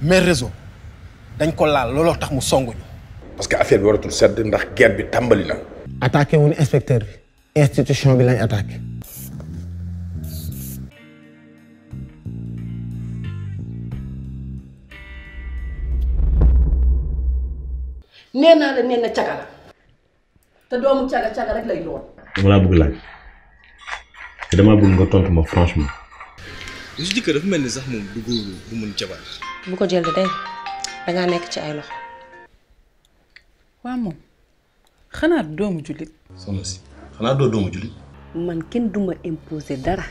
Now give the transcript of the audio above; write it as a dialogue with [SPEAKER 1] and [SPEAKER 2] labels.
[SPEAKER 1] mais réseau dañ ko laal looloo tax mu songuñu parce que affaire bi waratul sedd ndax guerre bi tàmbali na.
[SPEAKER 2] attaqué wu inspecteur bi bi
[SPEAKER 3] naa la nee na caga te doomu caga caga rek lay
[SPEAKER 4] doon. damaa bëgg nga tontu franchement.
[SPEAKER 5] su
[SPEAKER 6] jëkkër dafa mel ni sax moom du góor bu mun jabar
[SPEAKER 5] bu ko jël day dangaa nekk ci ay loxo waa moom xanaa doomu jullit
[SPEAKER 6] soxna si xanaa
[SPEAKER 4] doo doomu jullit
[SPEAKER 7] man kenn duma imposer dara